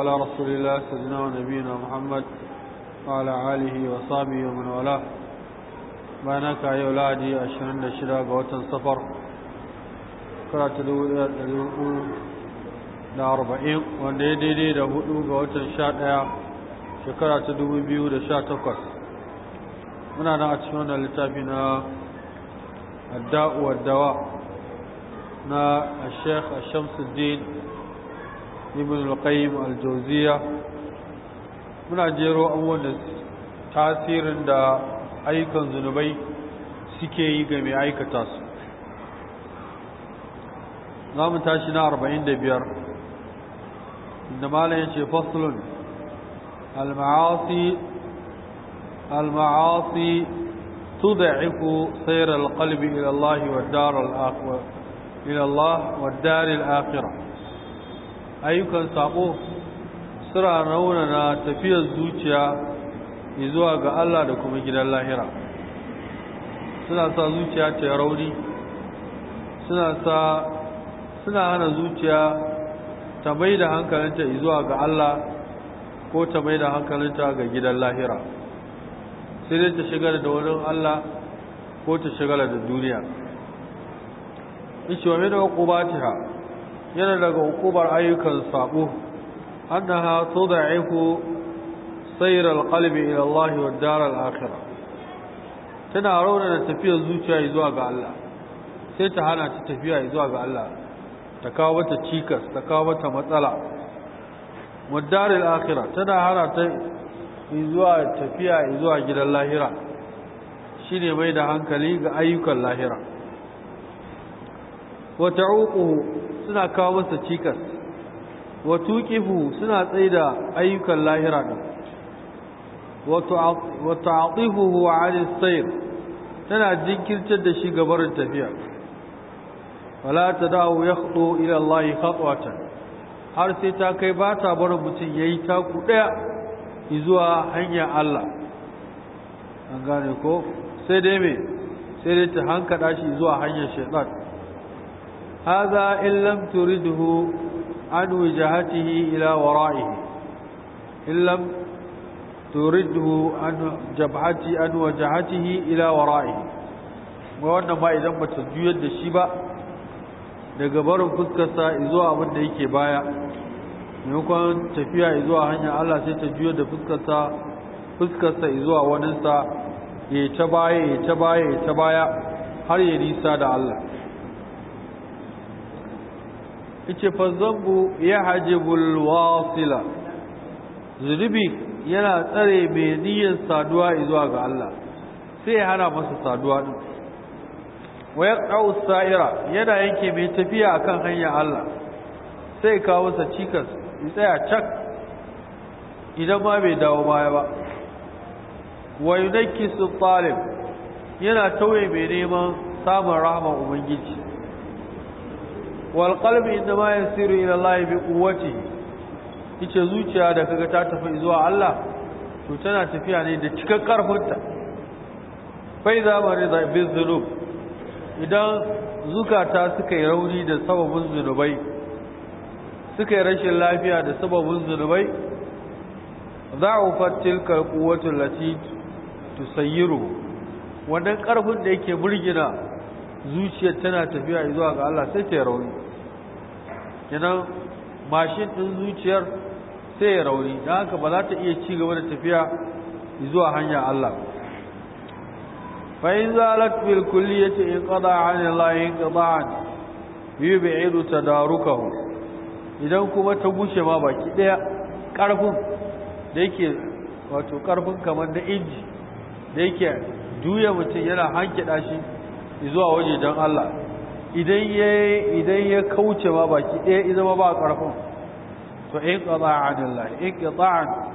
على رسول الله سيدنا ونبينا محمد وعلى آله وصحبه ومن والاه bayan haka yau lahadi 26 ga watan safar karatu 1440 wanda ya daidai da hudu ga watan 11 shekara ta 2018 muna nan a cikin littafi na adda'u waddawa na sheikh shamsuddin ibn al-qayyim al-jawziya muna jero abubuwan da tasirin da ayyukan zunubai suke yi ga mai aikata su za mu tashi na 45 inda malam ya ce faslun al-ma'asi al-ma'asi تضعف سير القلب إلى الله ayyukan sabo sura raunana tafiyar zuciya zuwa ga Allah da kuma gidan lahira suna sa zuciya ta rauni suna sa suna hana zuciya ta mai da hankalinta zuwa ga Allah ko ta mai da hankalinta ga gidan lahira sai dai ta shigar da wurin Allah ko ta shigar da duniya ishe wa mai da ƙubatiha yana daga hukumar ayyukan sabo annaha tud'ifu sayr alqalbi ila Allah wa dar alakhirah tana tana da tafiyar zuciya zuwa ga Allah sai ta hana ta tafiya zuwa ga Allah ta kawo mata cikas ta kawo mata matsala wa dar alakhirah tana hana ta zuwa tafiya zuwa gidan lahira shine mai da hankali ga ayyukan lahira wa ta'uquhu suna kawo masa cikas wato kifu suna da ayyukan lahira a wa ta'tifuhu 'ala as-sayr tana jinkirtar da shi gabarin tafiya wala dawo ya ila Allah khatwatan har sai ta kai ba ta bar mutum ya yayi taku ɗaya zuwa hanyar Allah an gane ko sai dai me sai dai ta hankada shi zuwa hanyar shaiɗan. هذا إن لم ترده عن وجهته إلى ورائه إن لم ترده عن جبهته عن وجهته إلى ورائه وأن ما إذا ما تجيد الشبا daga barin fuskarsa zuwa abin da yake baya maimakon tafiya zuwa hanyar Allah sai ta juyo da fuskarsa fuskarsa zuwa waninsa ya ta baya ya ta baya ya ta baya har ya nisa da Allah yace fa zabbu yahjibu alwasila zunubi yana tsare mai niyyar saduwa zuwa ga Allah sai ya hana masa saduwa din wa yaqau sa'ira yana yanke mai tafiya a kan hanyar Allah sai kawo sa cikas ya tsaya cak idan ma bai dawo baya ba wa yunakkisu talib yana tauye mai neman samun rahama ubangiji wal qalbi inma yasiru ila Allah bi quwwati ita zuciya da kaga ta tafi zuwa Allah to tana tafiya ne da cikakken karfinta fa idza marida bi dhunub idan zukata suka yi rauni da sababin zunubai suka yi rashin lafiya da sababin zunubai za'ufat tilka quwwatu lati tusayyiru wannan karfin da yake burgina zuciyar tana tafiya zuwa ga Allah sai ta yi rauni kenan mashin ɗin zuciyar sai ya rauni don haka ba za ta iya ci gaba da tafiya zuwa hanya Allah fa'in a fil kulli ce, in qada an Allah in ta daruka ba, idan kuma ta gushe ma baki daya karfin da yake wato karfin kamar da inji da yake duya mutum yana hankida shi zuwa waje don Allah idan ya idan kauce ma baki ɗaya idan ba ba ƙarfin to In lillahi inqita'a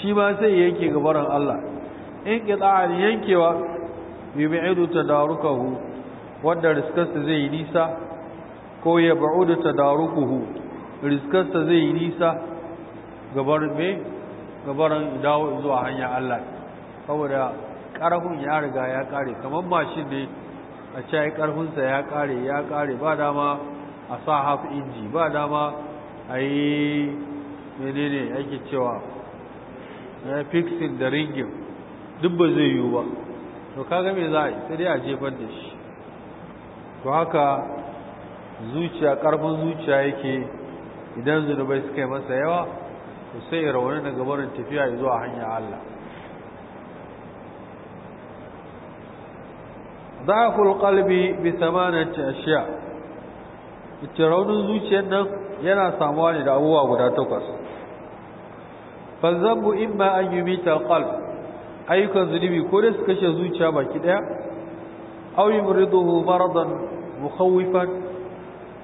shi ma sai yanke gabaran Allah inqita'a yankewa yub'idu darukahu, wadda riskarsa zai yi nisa ko ya ba'udu tadarukuhu riskarsa zai yi nisa gabar me gabaran dawo zuwa hanya Allah saboda ƙarfin ya riga ya ƙare, kamar mashin ne a ce karfinsa ya kare ya kare ba dama a sa half inji ba dama a yi menene ake cewa na fixin da ringin duk ba zai yiwu ba to kaga me za a yi sai dai a jefar da shi to haka zuciya karfin zuciya yake idan zunubai suka yi masa yawa to sai rauni daga barin tafiya zuwa hanya Allah ضعف القلب بثمانة أشياء raunin zuciyar nan yana samuwa ne da abubuwa guda takwas fazambu in ma an yi mita qalb ayyukan zunubi ko da su kashe zuciya baki daya aw yumriduhu maradan mukhawifan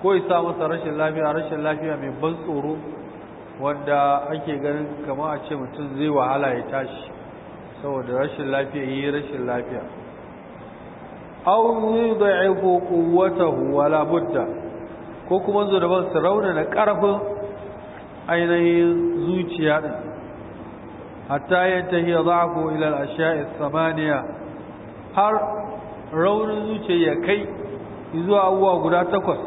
ko ya sa masa rashin lafiya rashin lafiya mai ban tsoro wanda ake ganin kamar a ce mutum zai wahala ya tashi saboda rashin lafiya yi rashin lafiya aw yud'ifu quwwatahu wala budda ko kuma zo da ban sarauna na karfin ainihin zuciya din hatta yantahi dha'fu ila al-ashya'i thamaniya har raunin zuciya ya kai zuwa abubuwa guda takwas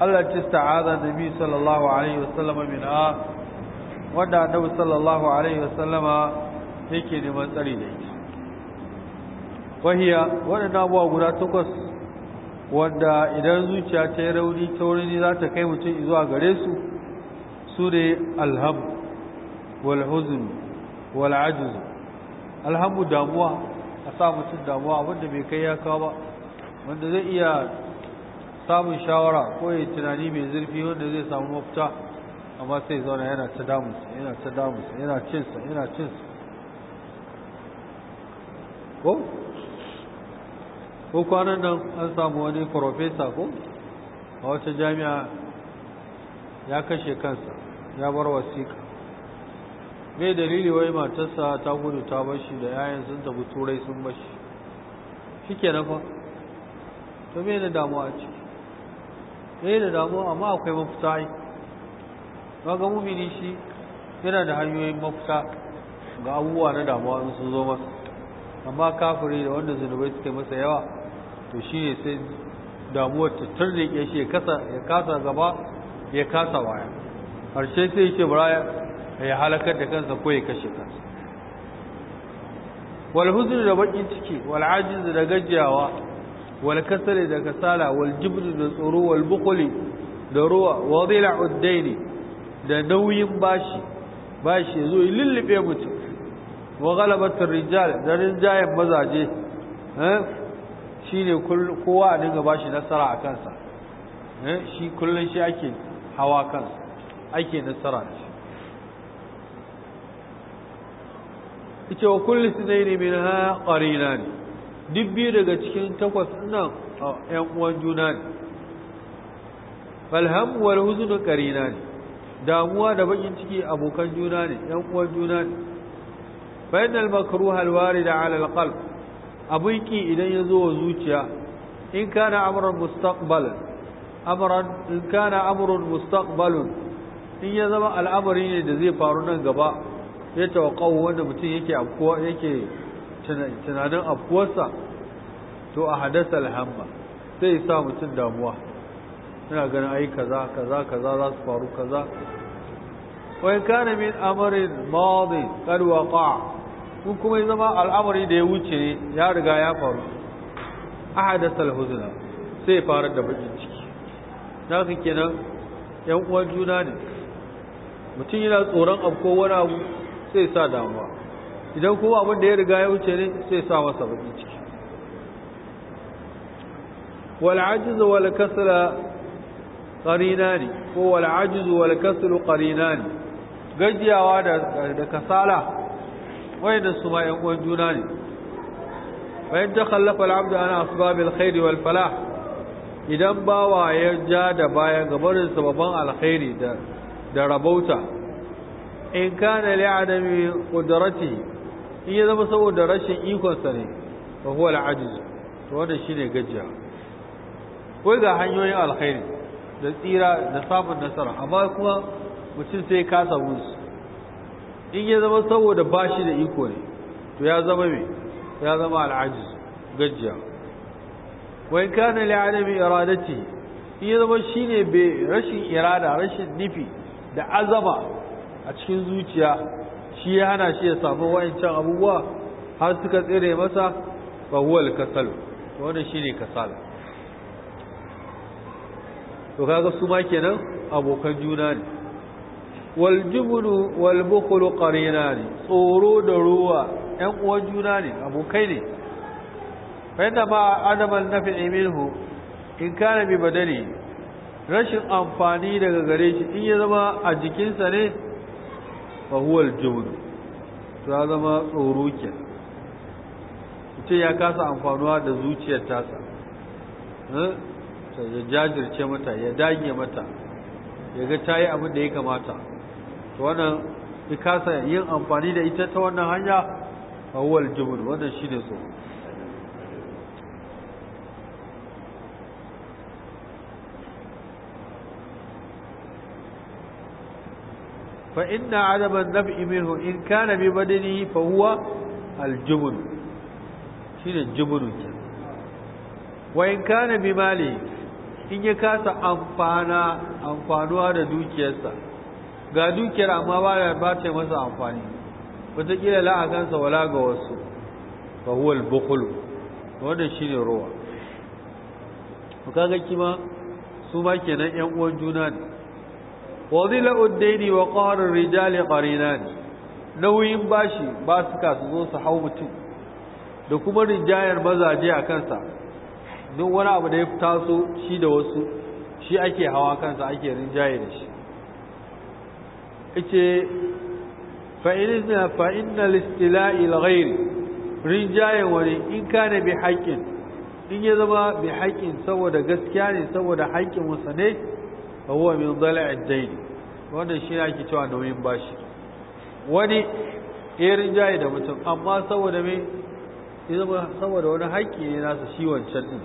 Allah ta sta'aza nabi sallallahu alaihi wasallam min a wanda annabi sallallahu alaihi wasallama yake da matsari da shi fahiya waɗanda abuwa guda takwas wadda idan zuciya ta yi rauni ta wurin za ta kai mutum zuwa gare su su ne alham walhuzun wal'ajuzu alhamu damuwa a sa mutum damuwa wanda bai kai ya kawo ba wanda zai iya samun shawara ko ya tunani mai zurfi wanda zai samu mafita amma sai zauna yana ta damusa yana ta damusa yana cinsa yana cinsa ko ko kwanan nan an samu wani profesa ko a wata jami'a ya kashe kansa ya bar wasiƙa mai dalili wai matarsa ta gudu ta bashi da yayan sun tafi turai sun bashi shi ke nafa to mai da damuwa ce mai da damuwa amma akwai mafita yi ba ga mumini shi yana da hanyoyin mafita ga abubuwa na damuwa in sun zo masa amma kafiri da wanda zunubai suke masa yawa to shi ne sai damuwar ta tarrike shi ya kasa gaba ya kasa waya harshe sai yake bara ya halakar da kansa ko ya kashe kansa wal da bakin ciki wal da gajiyawa wal kasal da kasala wal da tsoro wal da ruwa wa dhila uddaini da nauyin bashi bashi zo lullube mutum wa galabatar rijal da rinjayen mazaje eh? shi ne kowa a dinga ba shi nasara a kansa eh, shi kullum shi ake hawa kansa ake nasara da shi ita wa kulli sinaini min ha ƙarina ne duk biyu daga cikin takwas nan yan uwan juna ne falhamuwar huzunin ƙarina ne damuwa da bakin ciki abokan juna ne yan uwan juna ne bayan innal halwari da warida abin ki idan ya zo wa zuciya in kana amuran mustaqbal amran in kana amrun mustaqbal in ya zama al'amari ne da zai faru nan gaba ya tawaqqa wanda mutum yake yake tunanin afkuwarsa to a hadasa alhamma sai sa mutum damuwa ina ganin ai kaza kaza kaza za su faru kaza wa in kana min amarin madi kad waqa'a in kuma ya zama al'amari da ya wuce ya riga ya faru ahadasal huzna sai ya fara da bakin ciki Na su kenan yan uwan juna ne mutum yana tsoron afko wani abu sai sa damuwa idan kuma abin da ya riga ya wuce ne sai sa masa bakin ciki wal ajiz wal kasala ko wal ajiz wal ne, gajiyawa da kasala wayanda su ma ƴan uwan juna ne bayan ta khallafa al'abdu ana asbabil khairi wal falah idan bawa ya ja da baya gabarin sababan alkhairi da da rabauta in kana li adami qudrati in ya zama saboda rashin ikonsa ne fa huwa al'ajiz to wanda shine gajiya ko ga hanyoyin alkhairi da tsira da samun nasara amma kuma mutum sai kasa wuce in ya zama saboda ba shi da iko ne to ya zama mai ya zama al'ajiz gajiya wai kana li adami iradati in ya zama ne be rashin irada rashin nufi da azama a cikin zuciya shi ya hana shi ya samu wayancan abubuwa har suka tsere masa fa huwa kasal to kasala to kaga su ma kenan abokan juna ne waljubulu walbukulu qarina ne tsoro da ruwa ƴan uwan juna ne abokai ne fa yadda ma adaman nafi'i minhu in kana bi badali rashin amfani daga gare shi in ya zama a jikinsa ne fa huwa aljubul to ya zama tsoro ke ce ya kasa amfanuwa da zuciyar tasa eh? ya jajirce mata ya dage mata ya ga tayi abin da ya kamata wannan in kasa yin amfani da ita ta wannan hanya awwal jubur wannan shi ne so fa inna adama nafi minhu in kana bi badani fa huwa al shi shine jubur wa in kana bi mali in ya kasa amfana amfanuwa da dukiyarsa ga dukiyar amma ba ba ta masa amfani wataƙila la a kansa wala ga wasu fa huwa al wanda shi ne ruwa kaga kima su ma kenan yan uwan juna ne wa dhila wa qahr ar-rijali ne. nauyin bashi ba ka su zo su hau mutum da kuma rijayar mazaje a kansa duk wani abu da ya taso shi da wasu shi ake hawa kansa ake rinjaye da shi ce fa inna fa inna listila'i al-ghayr rinjayen wani in kana bi haƙƙin in ya zama bi haƙƙin saboda gaskiya ne saboda haƙƙin wasa ne fa huwa min zala ad-dayn wannan shi ake cewa nauyin bashi wani ya rinjaye da mutum amma saboda me ya zama saboda wani haƙƙi ne nasa shi wancan din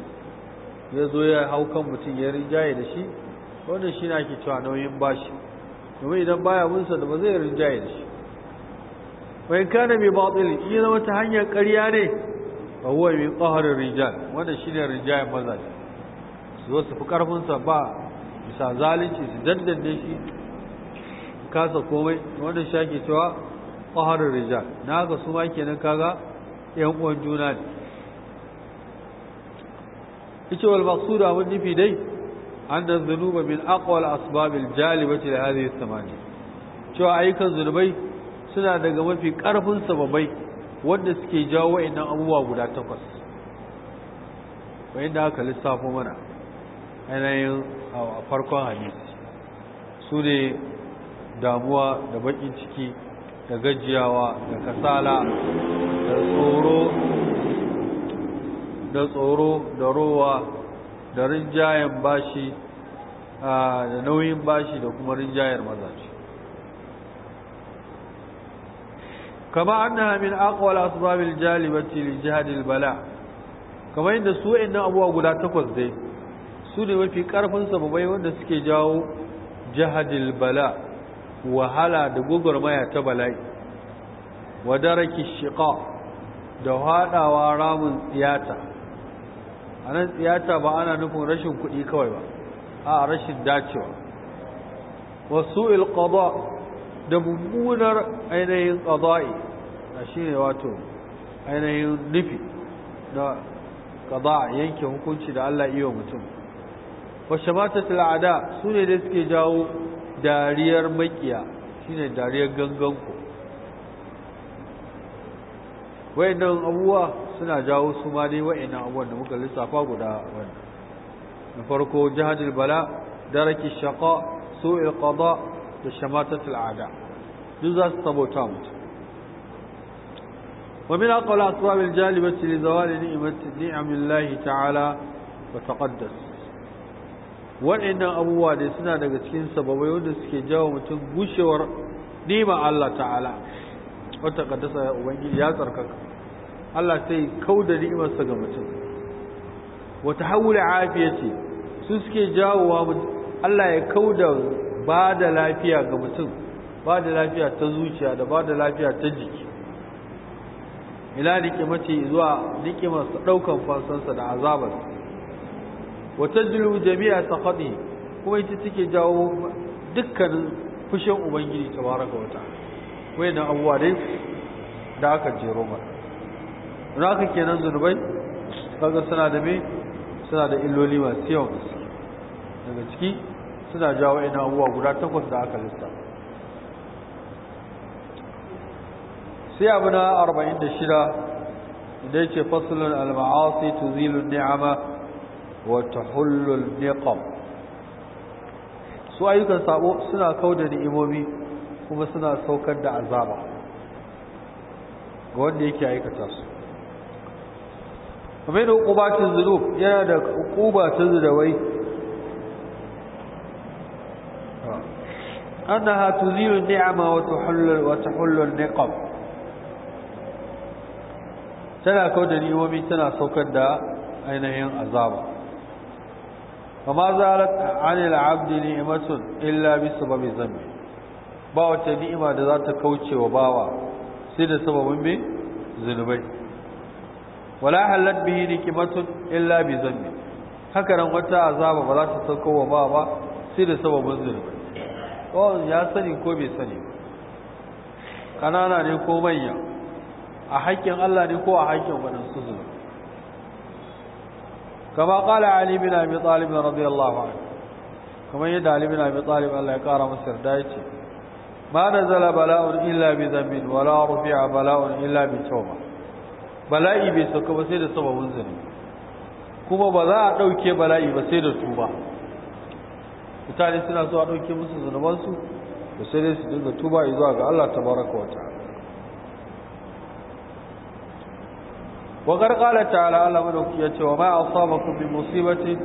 ya zo ya hau kan mutum ya rinjaye da shi wannan shi ake cewa nauyin bashi domin idan baya bunsa da ba zai rinjaye da shi bai kana mai batil iya zama ta hanyar ƙarya ne ba huwa mai tsoharin rijal wanda shi ne rinjayen mazaje su zo su fi ƙarfinsa ba bisa zalunci su daddande shi kasa komai wanda shi ake cewa tsoharin rijal na haka su ma kenan kaga yan uwan juna ne ita wal maqsuda abin nufi dai أن الذنوب من أقوى الأسباب الجالبة لهذه الثمانية cewa ayyukan zunubai suna daga mafi ƙarfin sababai wanda suke jawo wa'annan abubuwa guda takwas wa'inda aka lissafo mana ainihin a farkon hadisi su ne damuwa da baƙin ciki da gajiyawa da kasala da tsoro da tsoro da rowa da rinjayen bashi da nauyin bashi da kuma rinjayar mazaje kama annaha min aqwal asbab aljalibati li jihad albala Kama inda su wa'annan abubuwa guda takwas dai su ne mafi karfin sababai wanda suke jawo jihad bala wahala da gugurmaya ta bala'i wa daraki da haɗawa ramun tiyata a nan tsiyata ba ana nufin rashin kuɗi kawai ba a rashin dacewa wasu ilkaba da mummunar ainihin ƙada'i a shi ne wato ainihin nufi na ƙada yanke hukunci da Allah iya mutum wasu mata tilada su ne da suke jawo dariyar makiya shi ne dariyar ganganku wayannan abubuwa suna jawo su ma dai wa'annan abubuwan da muka lissafa guda wani na farko jihadil bala daraki shaqa su'il qada da shamatatul a'da duk za su sabota mutum ومن أقل أسباب الجالبة لزوال نعمة نعم الله تعالى وتقدس وإن أبوا دسنا دقتكين سببا يودس كي جاو متن بوشور نعمة الله تعالى وتقدس يا أبنجي يا تركك Allah sai kau da ni'imarsa ga mutum wa tahawul afiyati su suke jawowa Allah ya kau da ba da lafiya ga mutum ba da lafiya ta zuciya da ba da lafiya ta jiki ila mace zuwa masa ɗaukan fansansa da azabar wa tajlu jami'a takhadi kuma ita take jawo dukkanin fushin ubangiji tabaraka wata wayannan abubuwa dai da aka jero mata raka kenan zunubai kaga suna da me suna da illoli masu yawan daga ciki suna jawo ina abuwa guda takwas da aka lista sai abu na 46 da yake faslun al-ma'asi tuzilu ni'ama wa tahullu al-niqam su ayyukan sabo suna kauda ni'imomi kuma suna saukar da azaba ga wanda yake aikata su kamar da uqubatul zunub yana da uquba ta zunubai annaha tuzilu ni'ama wata tuhillu wata tuhillu niqab tana da ni'imomi tana saukar da ainihin azaba kama zalat anil abdi ni'imatun illa ba mai zambi ba wata ni'ima da za ta kauce wa bawa sai da sababin mai zunubai wala halat bihi nikimatun illa bi zanbi haka nan wata azaba ba za ta sauko wa ba ba sai da sababin zunubi ko ya sani ko bai sani kanana ne ko manya a haƙƙin Allah ne ko a haƙƙin wannan suzu zunubi kama qala ali bin abi talib radiyallahu anhu kamar yadda ali bin abi talib Allah ya kara masa yarda yace ma nazala bala'un illa bi zambin wala rufi'a bala'un illa bi tawbah bala'i bai sauka ba sai da sababin zane kuma ba za a ɗauke bala'i ba sai da tuba mutane suna so a ɗauke musu zunubansu da sai dai su dinga tuba zuwa ga Allah ta baraka wata. wa gargala ta'ala Allah madauki ya ce wa saba asabakum bi musibati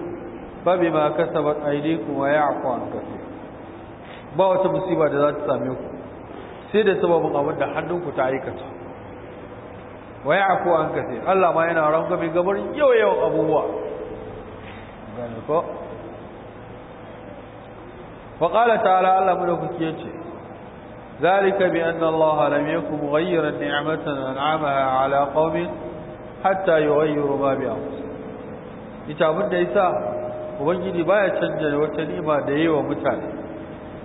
fa bima kasabat kuma ya ya'fu an kaseer ba wata musiba da za ta same ku sai da sababin abin da hannunku ta aikata wa ya'fu an kace Allah ma yana rangwame gabar yau yau abubuwa gane ko wa qala ta'ala Allah mu da kiyace yace zalika bi anna Allah lam yakum mughayyira ni'matan an'amaha ala qaumin hatta yughayyiru ma bi anfusihim ita abin da yasa ubangiji baya canja wata ni'ima da yayi wa mutane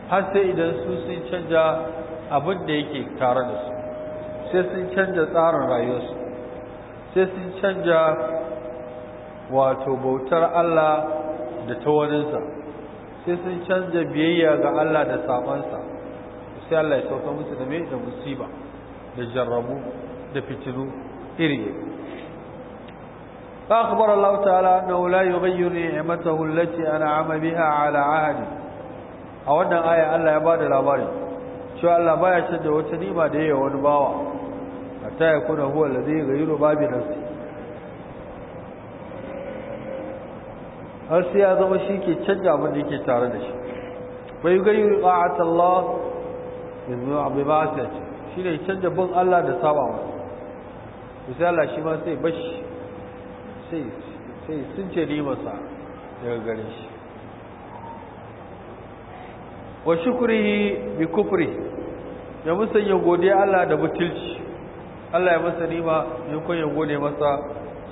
har sai idan su sun canja abin da yake tare da su sai sun canja tsarin rayuwarsu sai sun canja wato bautar Allah da ta waninsa sai sun canja biyayya ga Allah da samansa, sai Allah ya sauka musu da mai da musiba da jarrabu da fitilu iri فأخبر الله تعالى أنه لا يغير نعمته التي أنعم بها على عهده a wannan aya Allah ya da labari cewa Allah baya canza wata nima da yayi wani bawa hatta yakuna huwa yi yughayyiru babi nafsi har sai ya zama shi ke canja abin da yake tare da shi bai gari ba'at Allah yanzu abu ba sai shi ne canja bin Allah da saba masa misali shi ma sai bashi sai sai sun ce ni masa daga gare shi wa shukuri bi kufri ya musanya godiya Allah da butulci Allah ya masa nima ya kun gode masa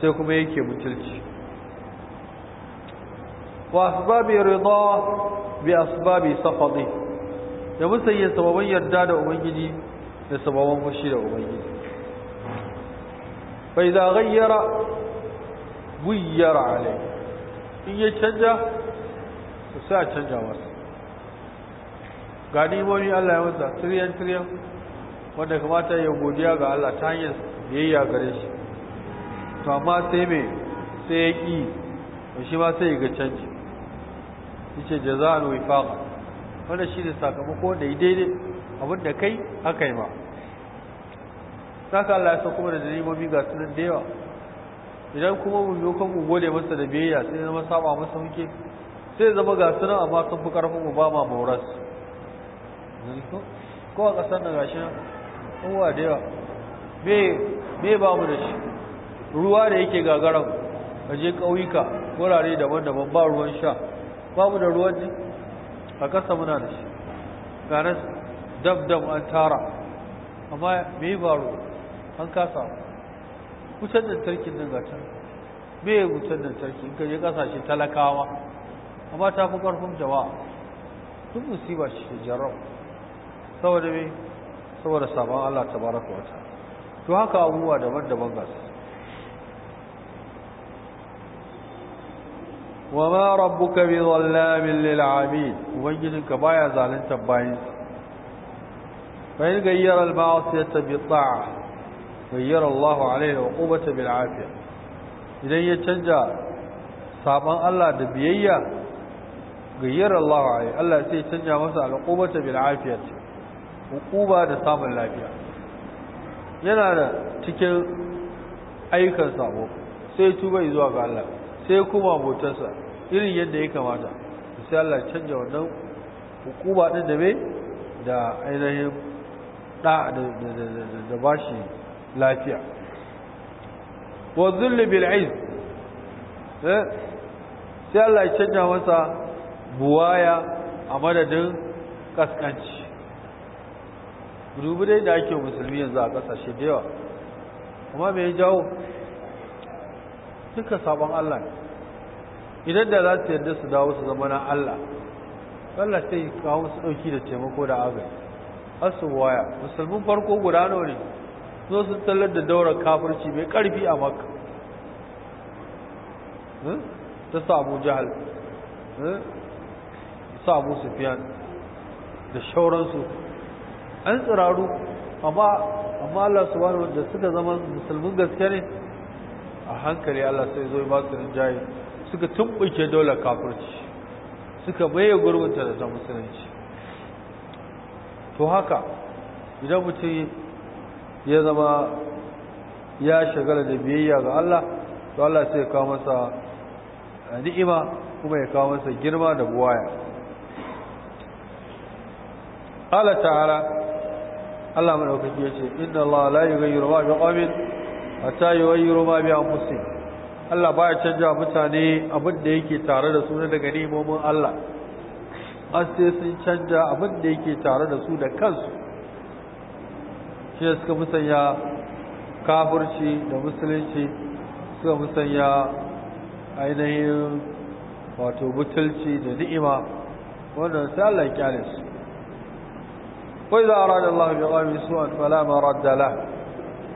sai kuma yake mutunci wa asbabi rida bi asbabi safadi ya musa musayya sababan yarda da ubangiji da sababan fushi da ubangiji fa idza ghayyara buyyara alai in ya canja sai a canja masa ga ni Allah ya masa tiryan tiryan wanda kamata ya godiya ga Allah ta hanyar biyayya gare shi to amma sai me sai ya ki shi ma sai ya ga canji yace jaza'ul wifaq wanda shi ne sakamako da yi daidai abin da kai aka yi ma saka Allah ya kuma da mabi ga sunan da yawa idan kuma mu yi kan mu gode masa da biyayya sai zama saba masa muke sai zama ga sunan amma sun fi karfin mu ba ma mauras ko a ƙasar da gashi ruwa da yawa me ba mu da shi ruwa da yake gagaran je ƙauyuka wurare daban-daban ba ruwan sha ba mu da ruwan ji a ƙasa muna da shi ganin dab-dab an tara amma me ba ruwa an kasa da lantarkin nan gata, me da lantarki in kaje ƙasashe talakawa amma ta fi ƙarfin jama'a duk musiba ce jarrau saboda me saboda sabon Allah tabaraka wa ta'ala to haka abubuwa daban-daban ga su wa ma rabbuka bi dhallamin lil abid ka baya zalunta bayin fa in gayyara al ma'siyata bi ta'a gayyara Allah alaihi wa qubata bil afiya idan ya canja sabon Allah da biyayya gayyara Allah alaihi Allah sai canja masa al qubata bil afiyati hukuba da samun lafiya yana da cikin ayyukan sabo sai tuba zuwa ga Allah sai kuma motarsa irin yadda ya kamata sai Allah canja wannan hukuba din da me da ainihin da da bashi lafiya wa dhull bil aiz eh? sai Allah ya canja masa buwaya a madadin kaskanci dubu dai da ake musulmi yanzu a kasashe da yawa kuma mai jawo duka sabon Allah idan da za su yarda su dawo su zama na Allah Allah sai kawo su ɗauki da taimako da agaji asu waya musulmin farko guda nawa ne zo sun tallar da daurar kafirci mai ƙarfi a makka hmm? ta sa abu jahal hmm? sa abu sufiyan da shauransu an tsiraru amma amma Allah subhanahu da suka zama musulmin gaske ne a hankali Allah sai zo ba su rinjaye suka tumbuke dole kafirci suka baye gurbinta da ta musulunci to haka idan mutum ya zama ya shagala da biyayya ga Allah to Allah sai ya kawo masa eh, ni'ima kuma ya kawo masa girma da buwaya Allah ta'ala Allah madaukaki ya ce inna Allah la yughayyiru ma biqawmin hatta yughayyiru ma bi anfusihim Allah baya canja mutane abin da yake tare da su na daga nemomin Allah har sai sun canja abin da yake tare da su da kansu shi suka musanya kafirci da musulunci suka musanya ainihin wato butulci da ni'ima wannan sai Allah ya kyale su wai za a rada Allah bi qawmi su'an fala maradda la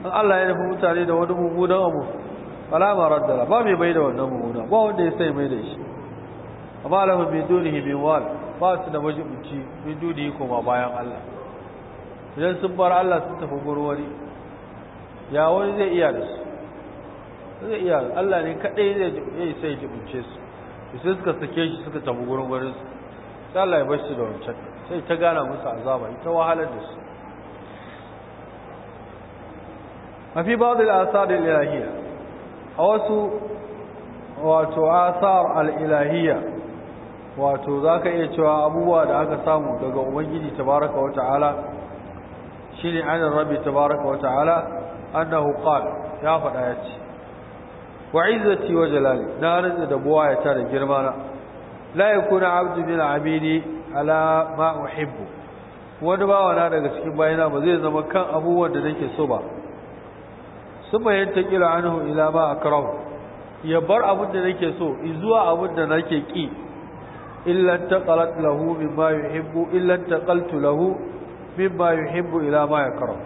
in Allah ya nufi mutane da wani mummunan abu fala maradda la ba mai bai da wannan mummunan ba wanda ya sai mai da shi amma lahu bi dunihi bi wal ba su da waje-winci majibuci bi dunihi kuma bayan Allah idan sun bar Allah sun tafi gurwari ya wani zai iya da su zai iya Allah ne kadai zai sai jibince su sai suka sake shi suka tafi gurin gurin su Allah ya bar shi da wancan sai ta gana musu azaba ita wahalar da su mafi ba'd da asar al-ilahiyya a wasu wato asar al'ilahiyya wato wato zaka iya cewa abubuwa da aka samu daga ubangiji tabaraka wa ta'ala shine an rabi tabaraka wa ta'ala annahu qala ya faɗa ya ce wa izzati wa jalali na rinda da buwa ya tare girma na la yakuna abdu min abidi ala ma uhibbu wani wa na daga cikin bayana ba zai zama kan abubuwan da nake so ba suma yanta kira anhu ila ma akrahu ya bar abin da nake so zuwa abin da nake ki illa taqalat lahu bima yuhibbu illa taqaltu lahu bima yuhibbu ila ma yakrahu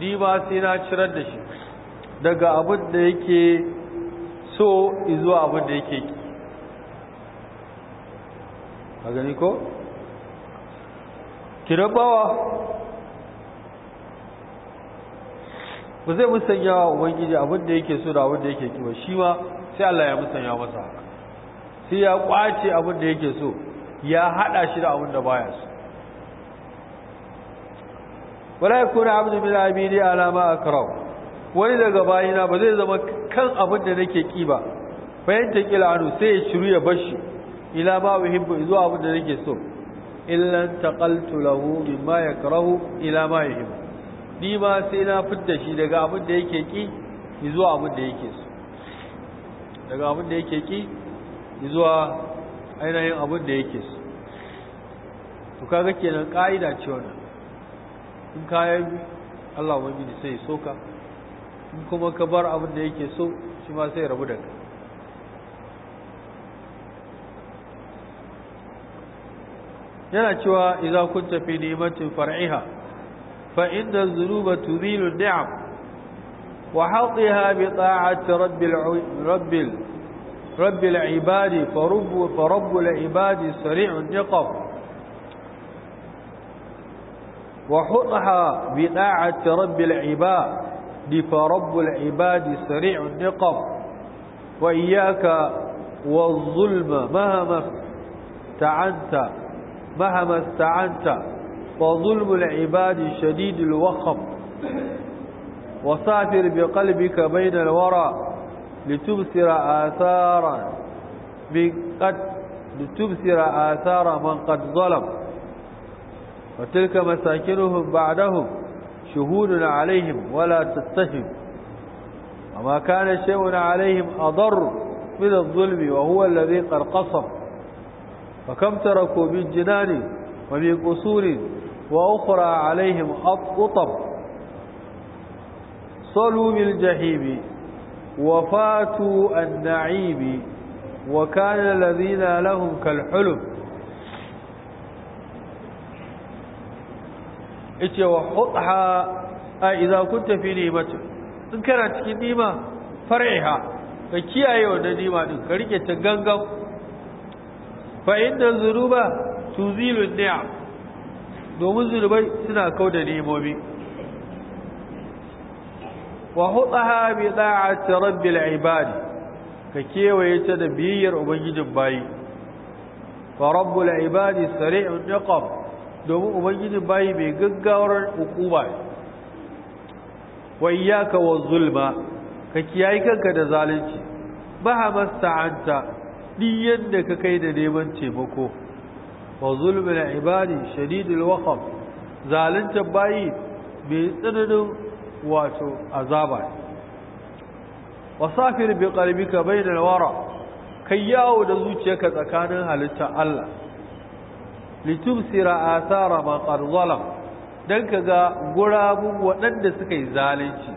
ni ba sai na cirar da shi daga abin da yake so zuwa abin da yake ki a gani ko tirabawa ba zai musanya wa ubangiji abinda yake so da abinda yake kiwa shi ma sai Allah ya musanya masa haka sai ya kwace abinda yake so ya hada shi da abinda baya so wala yakuna abdu min abidi ala ma akraw wani daga bayina ba zai zama kan abinda nake ki ba ta kila anu sai ya shiru ya bashi ila ba uhibbu zuwa abinda nake so illan taqaltu lahu mimma yakrahu ila ma yuhibbu ni ma sai na fitta shi daga abin da yake ki zuwa abin da yake so daga abin da yake ki zuwa ainihin abin da yake so to kaga kenan kaida ce wannan in yi Allah ubangiji sai soka in kuma ka bar abin da yake so shi ma sai rabu da kai yana cewa idza kunta fi ni'matin far'iha fa inda dhunuba tudhilu an-ni'am wa hadiha bi ta'ati rabbil rabbil rabbil ibadi farubbu farabbul ibadi sari'un niqab wa hudha bi ta'ati rabbil ibad ibadi farabbul ibadi sari'un niqab wa iyyaka wa والظلم mahama ta'anta مهما استعنت فظلم العباد شديد الوخم وسافر بقلبك بين الورى لتبصر آثارا من قد لتبصر آثار من قد ظلم وتلك مساكنهم بعدهم شهود عليهم ولا تتهم وما كان شيء عليهم أضر من الظلم وهو الذي قد قصم فكم تركوا من جنان ومن قصور وأخرى عليهم أطب صلوا بالجحيم وفاتوا النعيم وكان الذين لهم كالحلم ice wa hudha a idza kunta fi nimati in kana cikin nima faraiha ka kiyaye wannan nima din ka rike ta gangan fa zuruba zunuba tuzilu domin zunubai suna kauda nemomi wa hudaha bi da'ati rabbil ibad ka kewaye ta da biyar ubangijin bayi fa rabbul ibad sari'un iqab domin ubangijin bayi mai gaggawar hukuma wa iyyaka wa zulma ka kiyaye kanka da zalunci ba ha masta'anta diyan da ka kai da neman taimako wa zulmul ibadi shadidul waqf zalunta bayi mai tsananin wato azaba wasafir bi qalbika bainal wara kai yawo da zuciyarka tsakanin halitta Allah litubsira athara ma qad zalam dan kaga gurabun waɗanda suka yi zalunci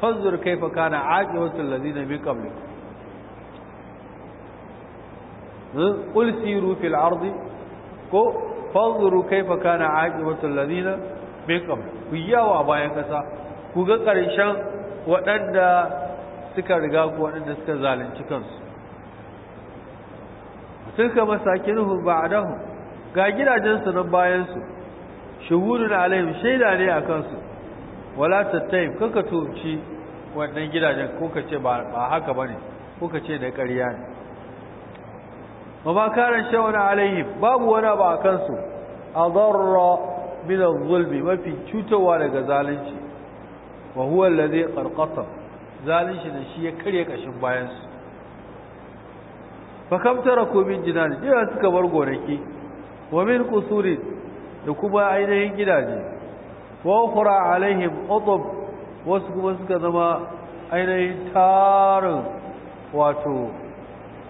fanzur kaifa kana aqibatul ladina bi qablika qul siru fil ardi ko fanzuru kaifa kana aqibatul ladina min qabl ku yawa bayan kasa ku ga karshen waɗanda suka riga ku waɗanda suka zalunci kansu tilka masakinuhum ba'dahum ga gidajensu na bayan su shuhudun alaihim shaida ne a kansu wala tattaim kaka tumci wannan gidajen ko ka ce ba haka bane ko ka ce da ƙarya ne wa ma kana shawun alaihim babu wani ba a kansu adarra min az-zulmi mafi cutarwa daga zalunci wa huwa allazi qarqata zalunci da shi ya karya kashin bayan su fa kam taraku min jinan jira suka bar gonaki wa min qusuri da kuma ainihin gidaje wa ukhra alaihim utub wasu kuma suka zama ainihin tarin wato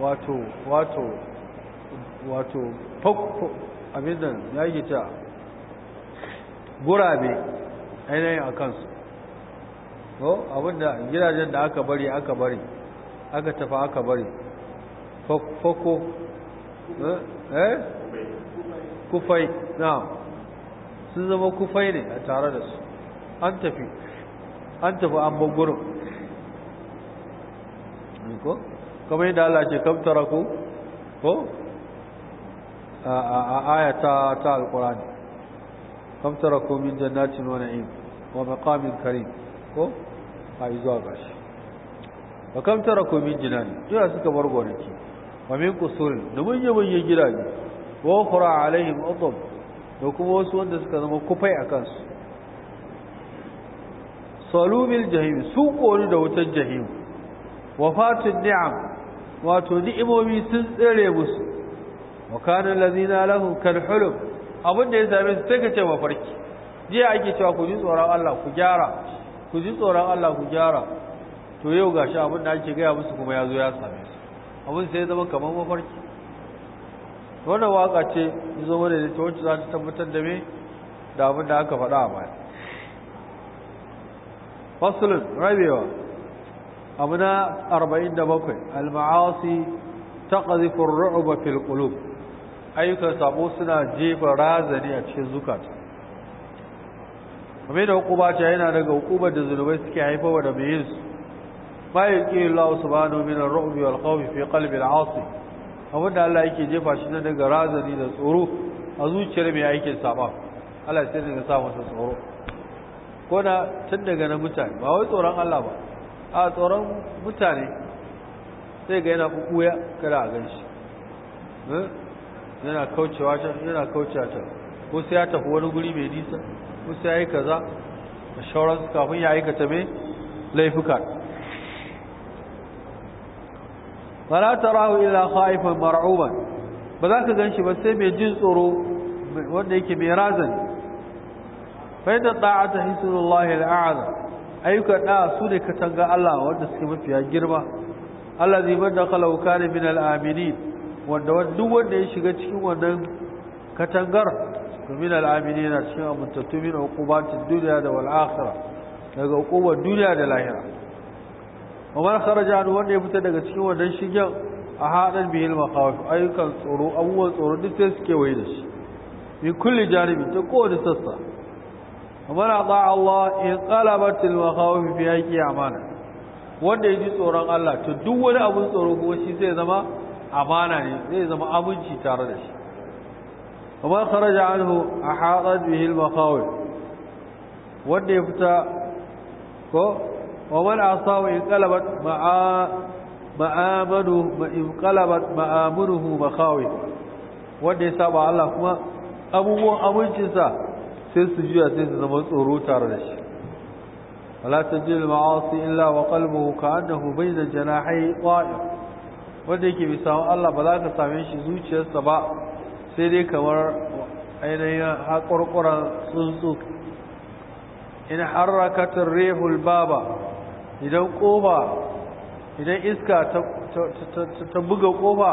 wato wato wato abin da ya yi ta gurabe ainihin a kansu ko abinda gidajen da aka bari aka bari aka tafa aka bari fokko eh, eh kufai na sun zama kufai ne a tare da su an tafi an tafi an bangurin ko kamar yadda Allah ce kamtara ku ko ayata ta alqur'ani kam tarako min jannatin wa na'im wa maqamin karim ko ai zuwa gashi wa kam tarako min jinan duka suka bar gonaki wa min qusurin da mun yi mun yi gidaje wa qura alaihim adab da kuma wasu wanda suka zama kufai a kansu salumil jahim su kori da wutar jahim wa fatin ni'am wato ni'imomi sun tsere musu wa kana allazina lahum kal hulum abin da ya same su sai ka ce mafarki jiya ake cewa ku ji tsoron Allah ku gyara ku ji tsoron Allah ku gyara to yau gashi abin da ake gaya musu kuma ya zo ya same su abin sai zama kamar mafarki wannan waka ce ya zo mana da ta wacce za ta tabbatar da me da abin da aka faɗa a baya fasulun rabewa abu na 47 al-ma'asi taqdhifu ar-ru'ba fil qulub ayyukan sabo suna jefa razani a cikin zukata kamar da hukuba ce yana daga hukubar da zunubai suke haifawa da mai yinsu ma yi lawa su ba min ar-ru'bi wa khawfi fi qalbi al abin da Allah yake jefa shi na daga razani da tsoro a zuciyar mai aikin saba Allah sai daga sa masa tsoro ko na tun daga na mutane ba wai tsoron Allah ba a tsoron mutane sai ga yana kukuya kada a gan shi eh? yana kaucewa ta yana kaucewa can ko sai ya tafi wani guri mai nisa ko sai ya yi kaza da shauransu kafin ya aikata mai laifuka ta rahu illa haifan mar'uban ba za ka ganshi ba sai mai jin tsoro wanda yake mai razani fa yadda ta'ata hisullahi al'azam ayyuka da su ne katanga Allah wanda suke mafiya girma Allah zai bar da kalau kana min al'aminin wanda duk wanda ya shiga cikin wannan katangar to min al'amini na cikin amintattu min uqubatin duniya da wal daga uqubar duniya da lahira wa kharaja ne wanda ya fita daga cikin wannan shigen a haɗar bihil makawafi ayyukan tsoro abubuwan tsoro duk sai suke waye da shi min kulli janibi ta kowane sassa ومن أطاع الله انقلبت المخاوف في ƙi amana. wanda ya ji tsoron Allah to duk wani abun tsoro kuma shi zai zama abana ne zai zama abinci tare da shi amma kharaja anhu ahadat bihi al-maqawil wanda ya fita ko wa man asaw in qalabat ma'a ma'amadu in qalabat ma'amuruhu maqawil wanda ya saba Allah kuma abubuwan abincinsa sai su juya sai su zama tsoro tare da shi wala tajil ma'asi illa wa qalbuhu ka'annahu bayna janahi ta'ir wanda yake bi samun Allah ba za ka same shi zuciyarsa ba sai dai kamar ainihin haƙurƙuran tsuntsu in harrakatar rehul baba idan ƙofa idan iska ta buga ƙofa